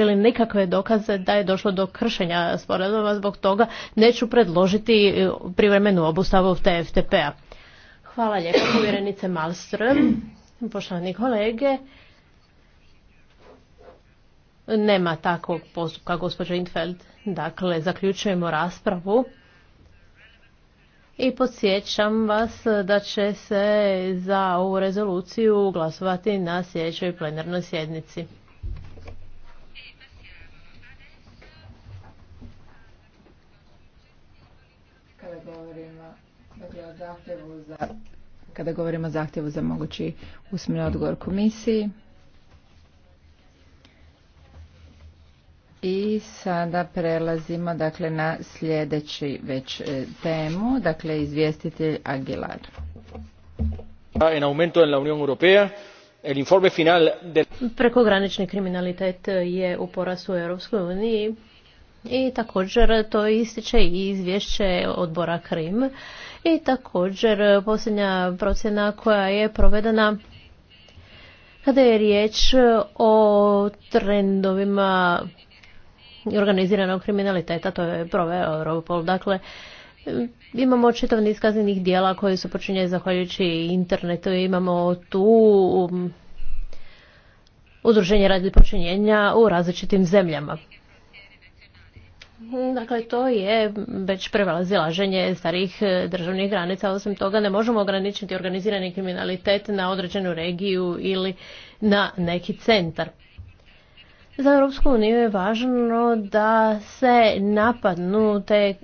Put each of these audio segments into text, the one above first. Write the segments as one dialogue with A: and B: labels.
A: ili nikakve dokaze da je došlo do kršenja sporazuma, zbog toga neću predložiti e, privremenu obustavu TFTP-a. Hvala lijepo, povjerenice Malström, poštovani kolege. Nema takvog postupka, gospođo Intfeld. Dakle, zaključujemo raspravu. I podsjećam vas da će se za ovu rezoluciju glasovati na sljedećoj plenarnoj sjednici.
B: zahtjevu za kada govorimo o zahtjevu za mogući usmeni odgovor komisiji. I sada prelazimo dakle na sljedeći već e, temu, dakle izvjestitelj Aguilar. En aumento en la Unión Europea, el informe final de...
A: Prekogranični kriminalitet je u porastu u Europskoj uniji i također to ističe i izvješće odbora Krim i također posljednja procjena koja je provedena kada je riječ o trendovima organiziranog kriminaliteta, to je proveo Europol. Dakle, imamo čitav niz kaznenih dijela koje su počinjeni zahvaljujući internetu imamo tu um, udruženje radi počinjenja u različitim zemljama. Dakle, to je već prevalazilaženje starih e, državnih granica. Osim toga, ne možemo ograničiti organizirani kriminalitet na određenu regiju ili na neki centar. Za Europsku uniju je važno da se napadnu te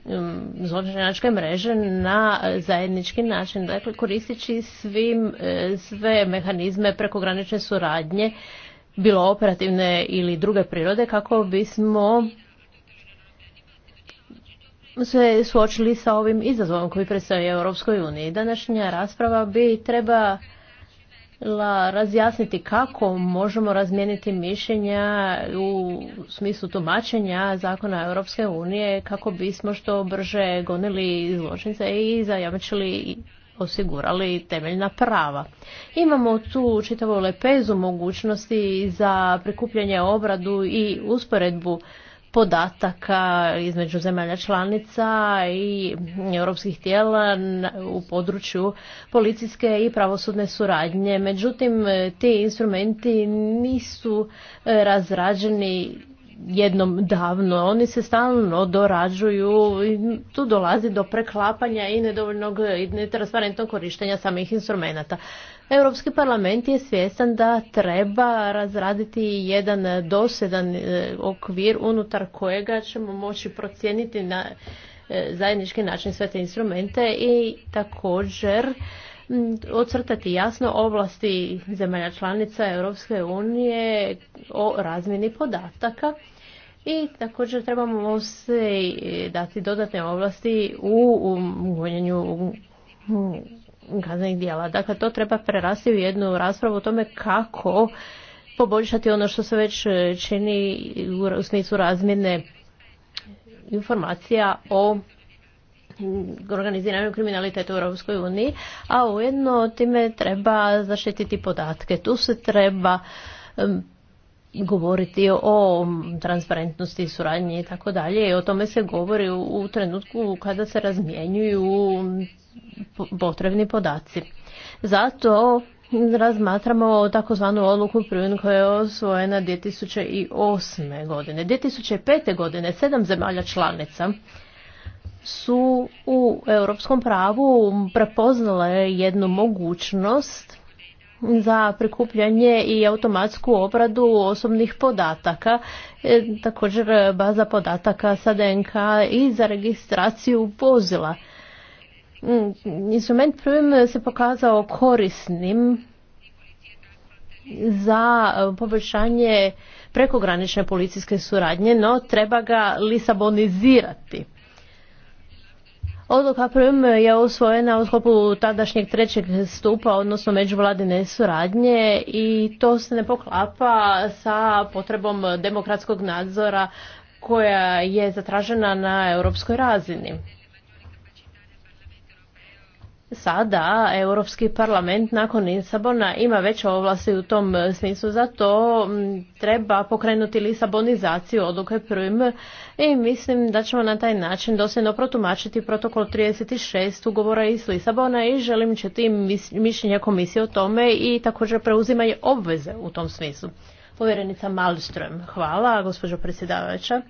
A: zločinačke mreže na zajednički način, dakle koristići svim, e, sve mehanizme prekogranične suradnje, bilo operativne ili druge prirode, kako bismo se suočili sa ovim izazovom koji predstavlja Europskoj uniji. Današnja rasprava bi treba razjasniti kako možemo razmijeniti mišljenja u smislu tumačenja zakona Europske unije kako bismo što brže gonili zločnice i zajamčili i osigurali temeljna prava. Imamo tu čitavu lepezu mogućnosti za prikupljanje obradu i usporedbu podataka između zemalja članica i europskih tijela u području policijske i pravosudne suradnje. Međutim, ti instrumenti nisu e, razrađeni jednom davno. Oni se stalno dorađuju i tu dolazi do preklapanja i nedovoljnog i netransparentnog korištenja samih instrumenta. Europski parlament je svjestan da treba razraditi jedan dosedan e, okvir unutar kojega ćemo moći procijeniti na e, zajednički način sve te instrumente i također ocrtati jasno oblasti zemalja članica Europske unije o razmjeni podataka i također trebamo se dati dodatne ovlasti u gonjenju kaznenih dijela Dakle, to treba prerasti u jednu raspravu o tome kako poboljšati ono što se već e, čini u smislu razmjene informacija o mm, organiziranju kriminalitetu u Europskoj uniji, a ujedno time treba zaštititi podatke. Tu se treba govoriti o transparentnosti, i suradnji i tako dalje. I o tome se govori u trenutku kada se razmjenjuju potrebni podaci. Zato razmatramo takozvanu odluku Prun koja je osvojena 2008. godine. 2005. godine sedam zemalja članica su u europskom pravu prepoznale jednu mogućnost za prikupljanje i automatsku obradu osobnih podataka, e, također baza podataka sa DNK i za registraciju vozila. Mm, instrument prvim se pokazao korisnim za poboljšanje prekogranične policijske suradnje, no treba ga lisabonizirati. Odluka prvim je usvojena u sklopu tadašnjeg trećeg stupa, odnosno međuvladine suradnje i to se ne poklapa sa potrebom demokratskog nadzora koja je zatražena na europskoj razini sada Europski parlament nakon Lisabona ima veće ovlasti u tom e, smislu, zato treba pokrenuti Lisabonizaciju odluke prvim i mislim da ćemo na taj način dosljedno protumačiti protokol 36 ugovora iz Lisabona i želim će tim mišljenja komisije o tome i također preuzimanje obveze u tom smislu. Povjerenica Malström, hvala, gospođo predsjedavajuća.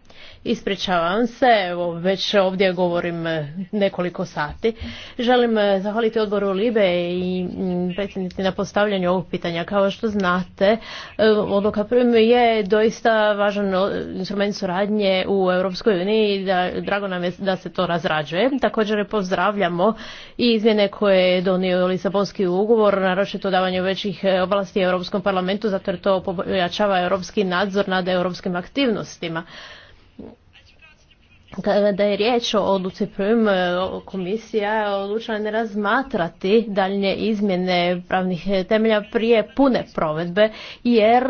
A: Ispričavam se, evo, već ovdje govorim e, nekoliko sati. Želim e, zahvaliti odboru Libe i mm, predsjednici na postavljanju ovog pitanja. Kao što znate, e, odluka prvim je doista važan instrument suradnje u Europskoj uniji i da, drago nam je da se to razrađuje. Također pozdravljamo i izmjene koje je donio Lisabonski ugovor, naročito davanje većih oblasti Europskom parlamentu, zato jer to pojačava ojačava europski nadzor nad europskim aktivnostima. Kada je riječ o odluci prvim, komisija je odlučila ne razmatrati daljnje izmjene pravnih temelja prije pune provedbe, jer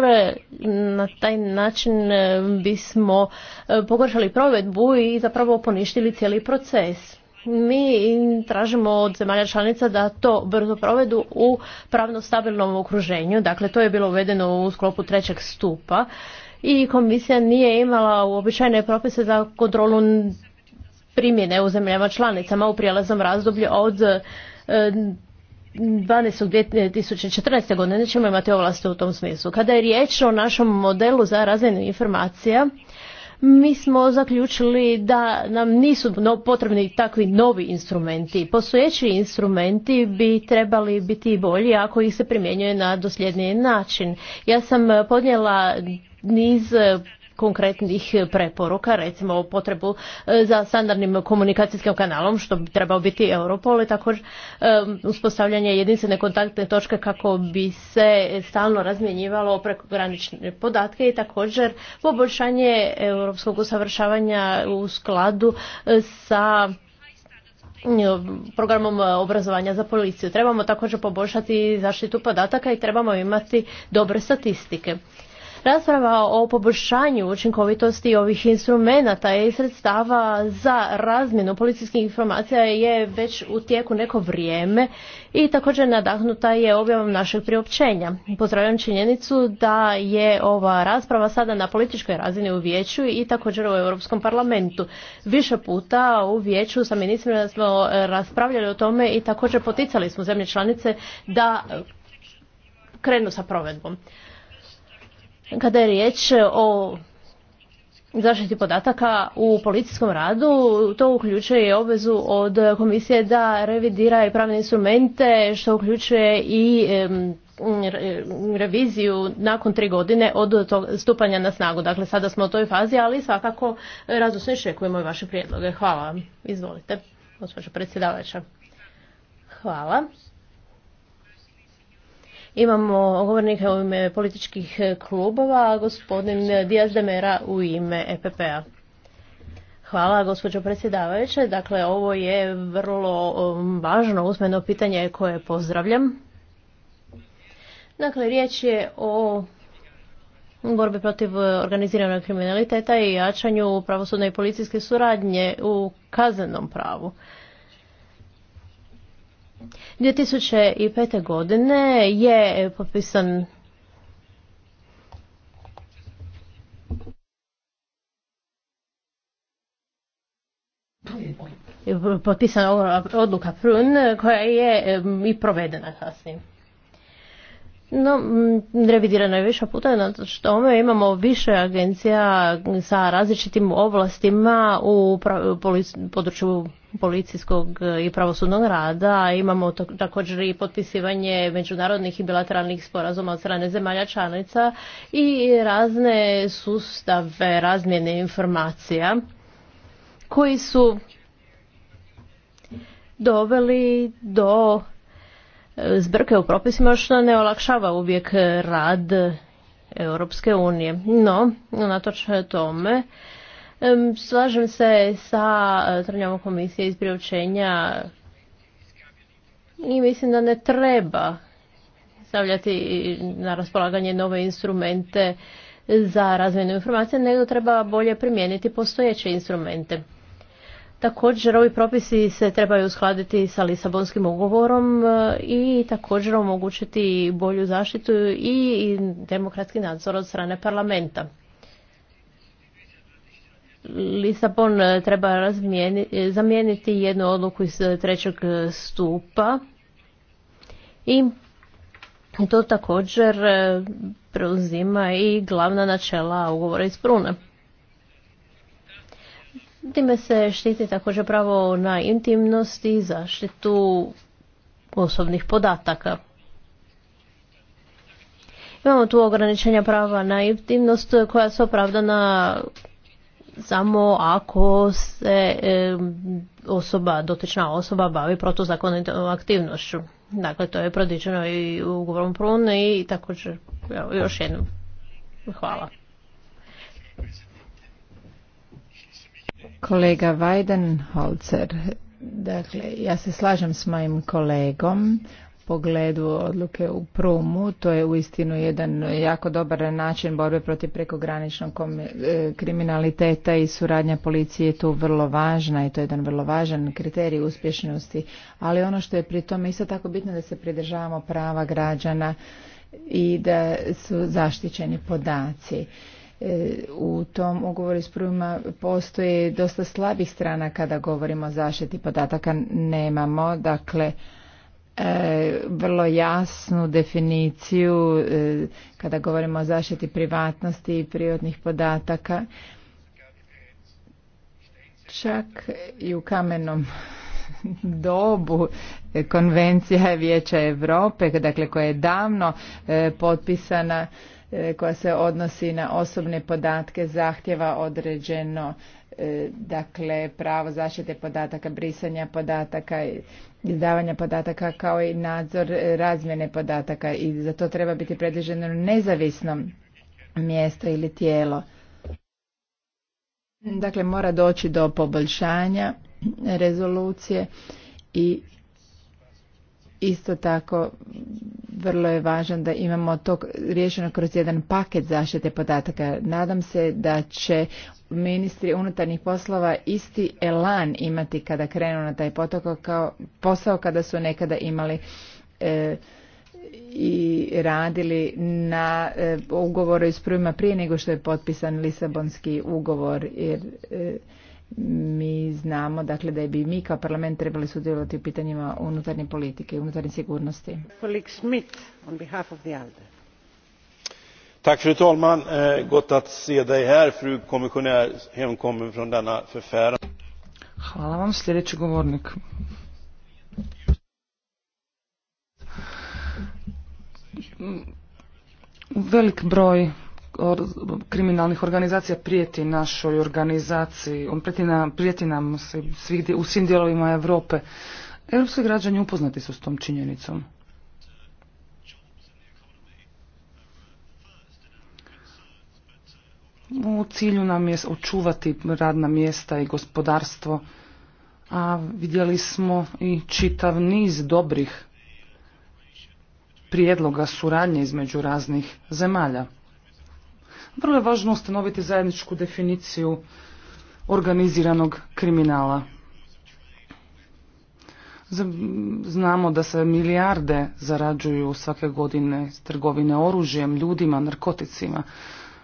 A: na taj način bismo pogoršali provedbu i zapravo poništili cijeli proces mi tražimo od zemalja članica da to brzo provedu u pravno stabilnom okruženju. Dakle, to je bilo uvedeno u sklopu trećeg stupa i komisija nije imala uobičajene propise za kontrolu primjene u zemljama članicama u prijelaznom razdoblju od 12.2014. E, godine ćemo imati ovlasti u tom smislu. Kada je riječ o našem modelu za razmjenu informacija, mi smo zaključili da nam nisu potrebni takvi novi instrumenti. Postojeći instrumenti bi trebali biti bolji ako ih se primjenjuje na dosljedniji način. Ja sam podnijela niz konkretnih preporuka, recimo potrebu e, za standardnim komunikacijskim kanalom, što bi trebao biti Europol i također e, uspostavljanje jedinstvene kontaktne točke kako bi se stalno razmjenjivalo prekogranične podatke i također poboljšanje europskog usavršavanja u skladu e, sa programom obrazovanja za policiju. Trebamo također poboljšati zaštitu podataka i trebamo imati dobre statistike. Rasprava o poboljšanju učinkovitosti ovih instrumenata i sredstava za razmjenu policijskih informacija je već u tijeku neko vrijeme i također nadahnuta je objavom našeg priopćenja. Pozdravljam činjenicu da je ova rasprava sada na političkoj razini u vijeću i također u Europskom parlamentu. Više puta u vijeću sa ministrima smo raspravljali o tome i također poticali smo zemlje članice da krenu sa provedbom. Kada je riječ o zaštiti podataka u policijskom radu, to uključuje i obvezu od komisije da revidira i pravne instrumente, što uključuje i reviziju nakon tri godine od tog stupanja na snagu. Dakle, sada smo u toj fazi, ali svakako različno očekujemo i vaše prijedloge. Hvala. vam. Izvolite, gospođo predsjedavajuća. Hvala. Imamo govornika u ime političkih e, klubova, gospodin Dijaz Demera u ime EPP-a. Hvala gospođo predsjedavajuće. Dakle, ovo je vrlo um, važno usmeno pitanje koje pozdravljam. Dakle, riječ je o borbi protiv organiziranog kriminaliteta i jačanju pravosudne i policijske suradnje u kaznenom pravu. 2005. godine je potpisan potpisana odluka PRUN koja je i provedena kasnije. No, mm, revidirano je više puta, na tome imamo više agencija sa različitim ovlastima u području policijskog i pravosudnog rada. Imamo također i potpisivanje međunarodnih i bilateralnih sporazuma od strane zemalja članica i razne sustave razmjene informacija koji su doveli do zbrke u propisima što ne olakšava uvijek rad Europske unije. No, unatoč tome, slažem se sa Trnjavom komisije iz priopćenja i mislim da ne treba stavljati na raspolaganje nove instrumente za razvojne informacije, nego treba bolje primijeniti postojeće instrumente. Također ovi propisi se trebaju uskladiti sa Lisabonskim ugovorom e, i također omogućiti bolju zaštitu i demokratski nadzor od strane parlamenta. Lisabon treba zamijeniti jednu odluku iz trećeg stupa i to također e, preuzima i glavna načela ugovora iz Pruna. Time se štiti također pravo na intimnost i zaštitu osobnih podataka. Imamo tu ograničenja prava na intimnost koja su opravdana samo ako se osoba, dotična osoba bavi protuzakonitom aktivnošću. Dakle, to je prodičeno i ugovorom Prune i također još jednom. Hvala.
B: Kolega Weidenholzer, dakle, ja se slažem s mojim kolegom pogledu odluke u Prumu. To je uistinu jedan jako dobar način borbe protiv prekograničnog e, kriminaliteta i suradnja policije je tu vrlo važna i to je jedan vrlo važan kriterij uspješnosti. Ali ono što je pri tome isto tako bitno da se pridržavamo prava građana i da su zaštićeni podaci. E, u tom ugovoru s prvima postoje dosta slabih strana kada govorimo o zaštiti podataka nemamo dakle e, vrlo jasnu definiciju e, kada govorimo o zaštiti privatnosti i prirodnih podataka čak i u kamenom dobu konvencija Vijeća Europe dakle koja je davno potpisana E, koja se odnosi na osobne podatke zahtjeva određeno e, dakle pravo zaštite podataka, brisanja podataka, izdavanja podataka kao i nadzor e, razmjene podataka i za to treba biti predviđeno nezavisno mjesto ili tijelo. Dakle, mora doći do poboljšanja rezolucije i isto tako vrlo je važno da imamo to riješeno kroz jedan paket zaštite podataka. Nadam se da će ministri unutarnjih poslova isti elan imati kada krenu na taj potok kao posao kada su nekada imali e, i radili na e, ugovoru iz prvima prije nego što je potpisan Lisabonski ugovor jer e, mi znamo dakle da bi mi kao parlament trebali sudjelovati u pitanjima unutarnje politike i unutarnje sigurnosti.
C: Schmidt, on behalf of the ALDE.
B: Tack fru talman. Eh, gott att se dig här fru kommissionär hemkommen från denna förfäran.
C: Hvala vam sljedeći govornik. Mm, velik broj od kriminalnih organizacija prijeti našoj organizaciji, on prijeti nam, prijeti nam svih, u svim dijelovima Europe. Europski građani upoznati su s tom činjenicom. U cilju nam je očuvati radna mjesta i gospodarstvo, a vidjeli smo i čitav niz dobrih prijedloga suradnje između raznih zemalja. Vrlo je važno ustanoviti zajedničku definiciju organiziranog kriminala. Znamo da se milijarde zarađuju svake godine s trgovine oružjem, ljudima, narkoticima.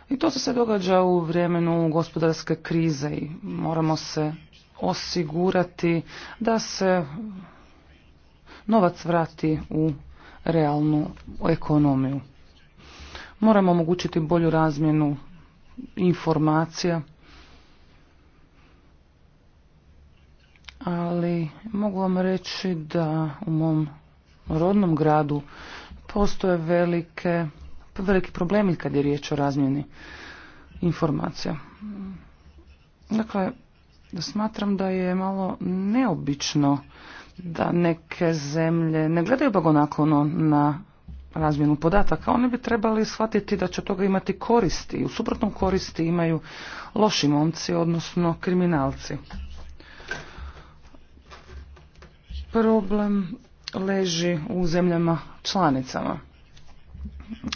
C: I to se događa u vremenu gospodarske krize i moramo se osigurati da se novac vrati u realnu ekonomiju. Moramo omogućiti bolju razmjenu informacija, ali mogu vam reći da u mom rodnom gradu postoje velike, veliki problemi kad je riječ o razmjeni informacija. Dakle, smatram da je malo neobično da neke zemlje ne gledaju bagonaklono na razmjenu podataka, oni bi trebali shvatiti da će toga imati koristi. U suprotnom koristi imaju loši momci, odnosno kriminalci. Problem leži u zemljama članicama.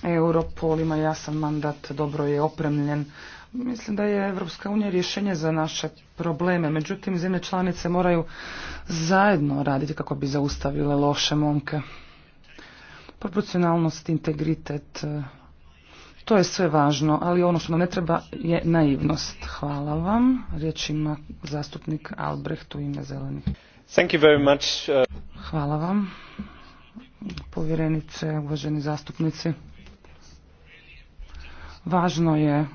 C: Europol ima jasan mandat, dobro je opremljen. Mislim da je Evropska unija rješenje za naše probleme. Međutim, zemlje članice moraju zajedno raditi kako bi zaustavile loše momke proporcionalnost, integritet, e, to je sve važno, ali ono što nam ne treba je naivnost. Hvala vam. Riječ ima zastupnik Albrecht u ime zelenih. Thank uh, Hvala vam. Povjerenice, uvaženi zastupnici. Važno je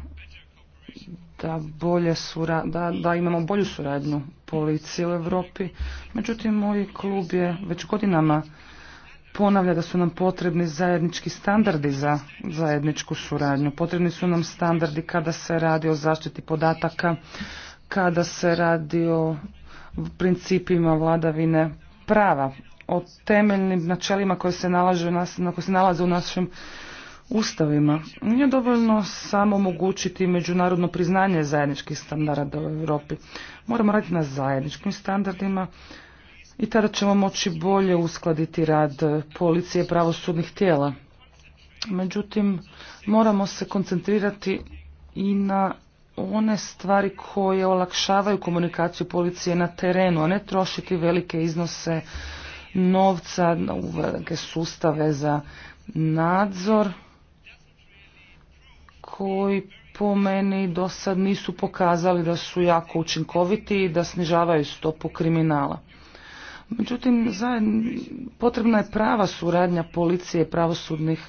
C: da, bolje sura, da, da imamo bolju suradnju policije u Europi. Međutim, moj klub je već godinama ponavlja da su nam potrebni zajednički standardi za zajedničku suradnju. Potrebni su nam standardi kada se radi o zaštiti podataka, kada se radi o principima vladavine prava, o temeljnim načelima koje se nalaze, na koje se nalaze u našim ustavima. Nije dovoljno samo omogućiti međunarodno priznanje zajedničkih standarda u Europi. Moramo raditi na zajedničkim standardima i tada ćemo moći bolje uskladiti rad policije pravosudnih tijela. Međutim, moramo se koncentrirati i na one stvari koje olakšavaju komunikaciju policije na terenu, a ne trošiti velike iznose novca, velike sustave za nadzor koji po meni do sad nisu pokazali da su jako učinkoviti i da snižavaju stopu kriminala. Međutim, potrebna je prava suradnja policije i pravosudnih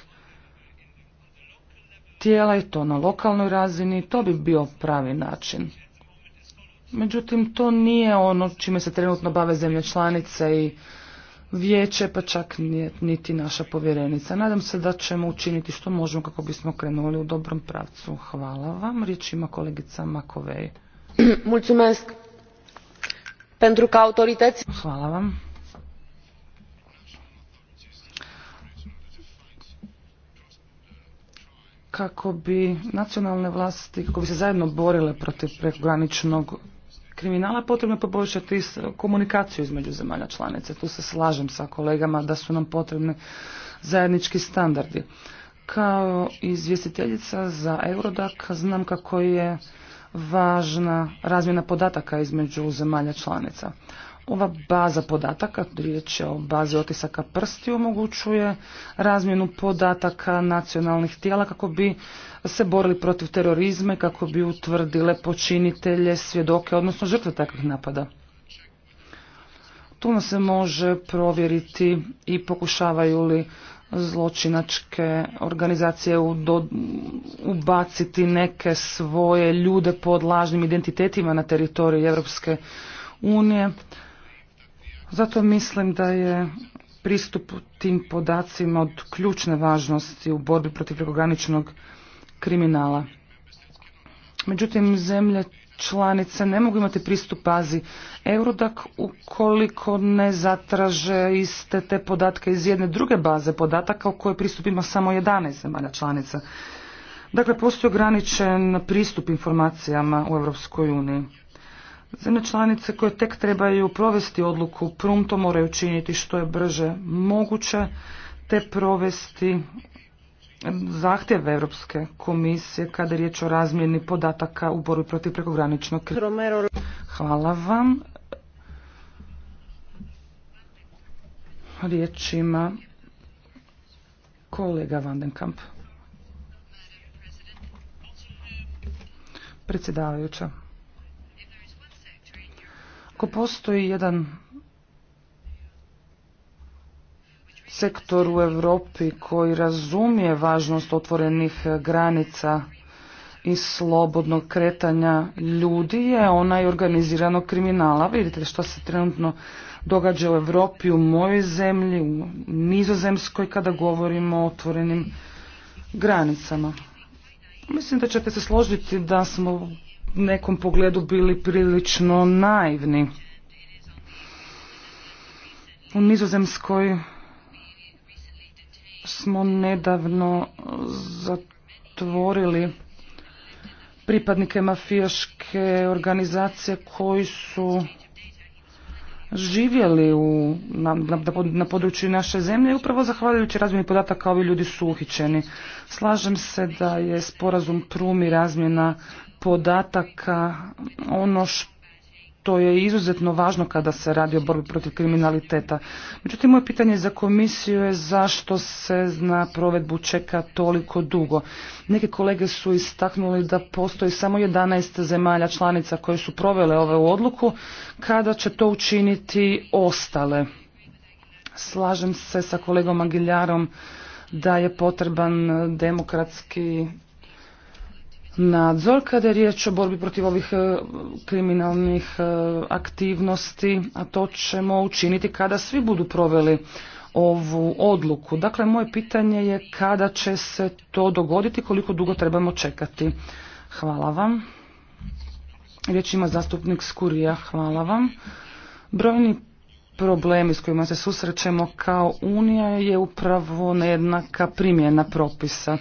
C: tijela i to na lokalnoj razini. To bi bio pravi način. Međutim, to nije ono čime se trenutno bave zemlje članice i vijeće, pa čak nije, niti naša povjerenica. Nadam se da ćemo učiniti što možemo kako bismo krenuli u dobrom pravcu. Hvala vam. Riječ ima kolegica Makovej.
B: Mulțumesc pentru că Hvala
C: Kako bi nacionalne vlasti, kako bi se zajedno borile protiv prekograničnog kriminala, potrebno je poboljšati komunikaciju između zemalja članica. Tu se slažem sa kolegama da su nam potrebni zajednički standardi. Kao izvjestiteljica za Eurodak znam kako je važna razmjena podataka između zemalja članica. Ova baza podataka, riječ je o bazi otisaka prsti, omogućuje razmjenu podataka nacionalnih tijela kako bi se borili protiv terorizma kako bi utvrdile počinitelje, svjedoke, odnosno žrtve takvih napada. Tu se može provjeriti i pokušavaju li zločinačke organizacije ubaciti neke svoje ljude pod lažnim identitetima na teritoriju Europske unije. Zato mislim da je pristup tim podacima od ključne važnosti u borbi protiv prekograničnog kriminala. Međutim, zemlje članice ne mogu imati pristup bazi Eurodac ukoliko ne zatraže iste te podatke iz jedne druge baze podataka u kojoj pristup ima samo 11 zemalja članica. Dakle, postoji ograničen pristup informacijama u Europskoj uniji. Zemlje članice koje tek trebaju provesti odluku prumto moraju činiti što je brže moguće te provesti Zahtjev Europske komisije kada je riječ o razmjeni podataka u borbi protiv prekograničnog. Hvala vam. Riječ ima kolega Vandenkamp. Predsjedavajuća. Ako postoji jedan sektor u Europi koji razumije važnost otvorenih granica i slobodnog kretanja ljudi je onaj organiziranog kriminala. Vidite što se trenutno događa u Europi, u mojoj zemlji, u nizozemskoj kada govorimo o otvorenim granicama. Mislim da ćete se složiti da smo u nekom pogledu bili prilično naivni. U nizozemskoj smo nedavno zatvorili pripadnike mafijaške organizacije koji su živjeli u, na, području naše zemlje i upravo zahvaljujući razmjeni podataka ovi ljudi su uhićeni. Slažem se da je sporazum Prumi razmjena podataka ono što to je izuzetno važno kada se radi o borbi protiv kriminaliteta. Međutim, moje pitanje za komisiju je zašto se na provedbu čeka toliko dugo. Neke kolege su istaknuli da postoji samo 11 zemalja članica koje su provele ovu odluku, kada će to učiniti ostale. Slažem se sa kolegom Agiljarom da je potreban demokratski nadzor kada je riječ o borbi protiv ovih e, kriminalnih e, aktivnosti, a to ćemo učiniti kada svi budu proveli ovu odluku. Dakle, moje pitanje je kada će se to dogoditi, koliko dugo trebamo čekati. Hvala vam. Riječ ima zastupnik Skurija, hvala vam. Brojni problemi s kojima se susrećemo kao Unija je upravo nejednaka primjena propisa.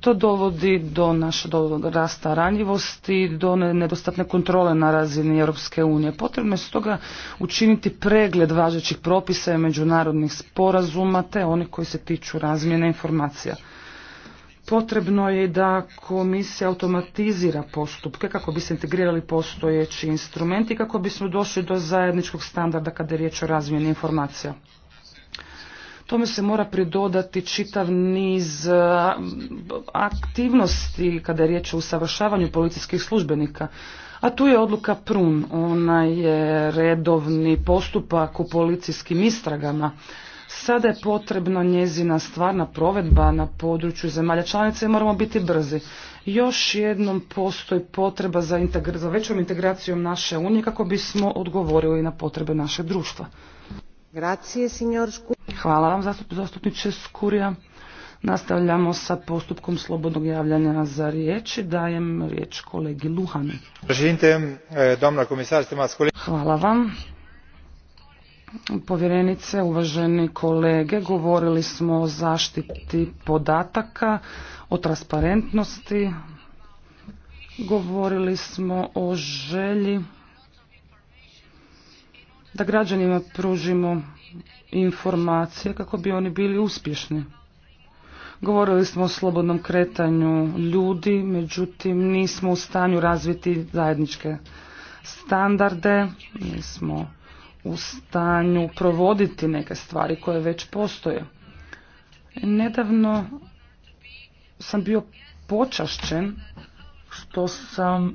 C: To dovodi do našeg rasta ranjivosti, do nedostatne kontrole na razini Europske unije. Potrebno je stoga učiniti pregled važećih propisa i međunarodnih sporazuma te oni koji se tiču razmjene informacija. Potrebno je da komisija automatizira postupke kako bi se integrirali postojeći instrumenti i kako bismo došli do zajedničkog standarda kada je riječ o razmjeni informacija. Tome se mora pridodati čitav niz aktivnosti kada je riječ o usavršavanju policijskih službenika. A tu je odluka Prun, ona je redovni postupak u policijskim istragama Sada je potrebna njezina stvarna provedba na području zemalja članica i moramo biti brzi. Još jednom postoji potreba za, za većom integracijom naše unije kako bismo odgovorili na potrebe našeg društva. Grazie, Hvala vam, zastupniče Skurija. Nastavljamo sa postupkom slobodnog javljanja za riječ. Dajem riječ kolegi Luhanu.
A: Eh,
C: Hvala vam povjerenice, uvaženi kolege. Govorili smo o zaštiti podataka, o transparentnosti. Govorili smo o želji da građanima pružimo informacije kako bi oni bili uspješni. Govorili smo o slobodnom kretanju ljudi, međutim nismo u stanju razviti zajedničke standarde, nismo u stanju provoditi neke stvari koje već postoje. Nedavno sam bio počašćen što sam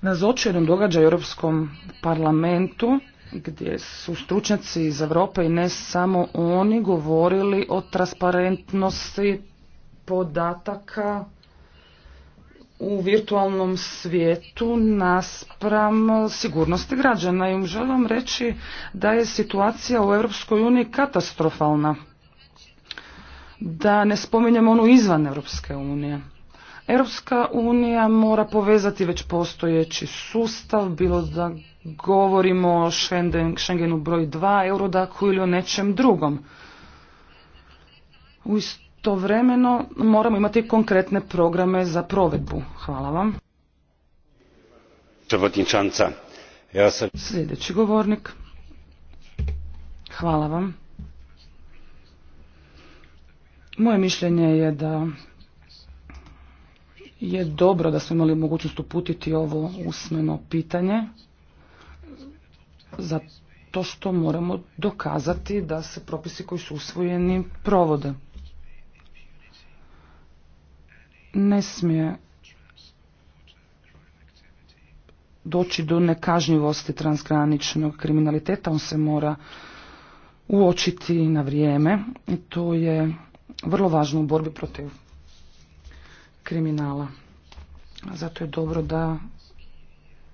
C: na jednom događaju u Europskom parlamentu gdje su stručnjaci iz Europe i ne samo oni govorili o transparentnosti podataka u virtualnom svijetu naspram sigurnosti građana i želim reći da je situacija u Europskoj uniji katastrofalna. Da ne spominjem onu izvan Europske unije. Europska unija mora povezati već postojeći sustav, bilo da govorimo o Schengen, Schengenu broj 2, Eurodaku ili o nečem drugom. U istovremeno moramo imati konkretne programe za provedbu. Hvala vam. Sljedeći govornik. Hvala vam. Moje mišljenje je da je dobro da smo imali mogućnost uputiti ovo usmeno pitanje za to što moramo dokazati da se propisi koji su usvojeni provode ne smije doći do nekažnjivosti transgraničnog kriminaliteta, on se mora uočiti na vrijeme i to je vrlo važno u borbi protiv kriminala. Zato je dobro da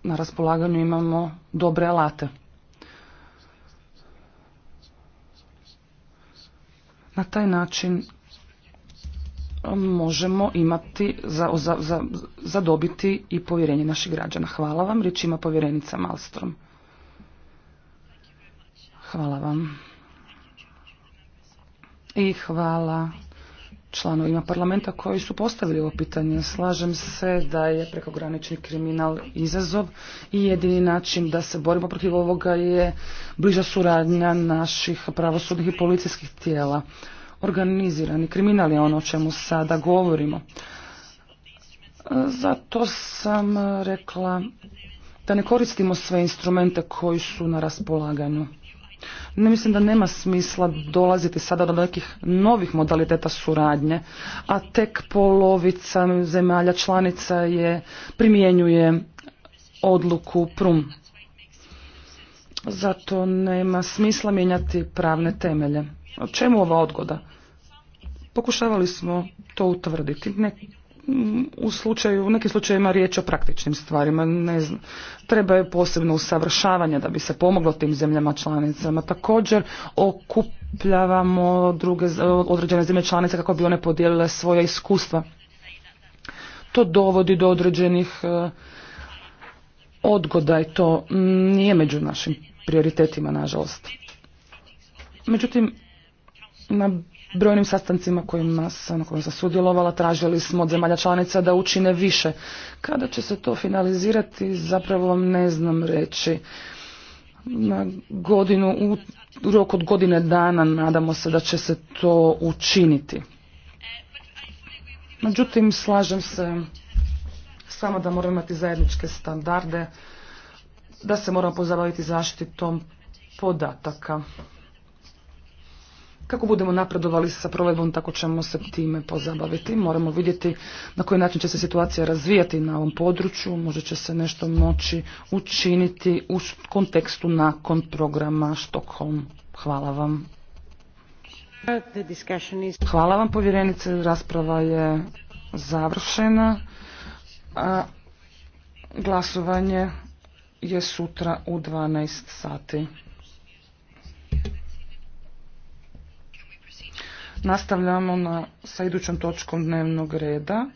C: na raspolaganju imamo dobre alate. Na taj način možemo imati, za, za, za, zadobiti i povjerenje naših građana. Hvala vam. Riječ ima povjerenica Malstrom. Hvala vam. I hvala članovima parlamenta koji su postavili ovo pitanje. Slažem se da je prekogranični kriminal izazov i jedini način da se borimo protiv ovoga je bliža suradnja naših pravosudnih i policijskih tijela organizirani kriminal je ono o čemu sada govorimo. Zato sam rekla da ne koristimo sve instrumente koji su na raspolaganju. Ne mislim da nema smisla dolaziti sada do nekih novih modaliteta suradnje, a tek polovica zemalja članica je primjenjuje odluku PRUM. Zato nema smisla mijenjati pravne temelje. Čemu ova odgoda? Pokušavali smo to utvrditi. u, slučaju, nekim slučajevima riječ o praktičnim stvarima. Ne znam. Treba je posebno usavršavanje da bi se pomoglo tim zemljama članicama. Također okupljavamo druge, određene zemlje članice kako bi one podijelile svoja iskustva. To dovodi do određenih e, odgoda i to nije među našim prioritetima, nažalost. Međutim, na brojnim sastancima kojima sam, na kojima sam sudjelovala tražili smo od zemalja članica da učine više. Kada će se to finalizirati zapravo vam ne znam reći. Na godinu, u rok od godine dana nadamo se da će se to učiniti. Međutim, slažem se samo da moramo imati zajedničke standarde, da se moramo pozabaviti zaštitom podataka. Kako budemo napredovali sa provedbom, tako ćemo se time pozabaviti. Moramo vidjeti na koji način će se situacija razvijati na ovom području. Možda će se nešto moći učiniti u kontekstu nakon programa Stockholm. Hvala vam. Hvala vam povjerenice, rasprava je završena. glasovanje je sutra u 12 sati. Nastavljamo sa idućom točkom dnevnog reda.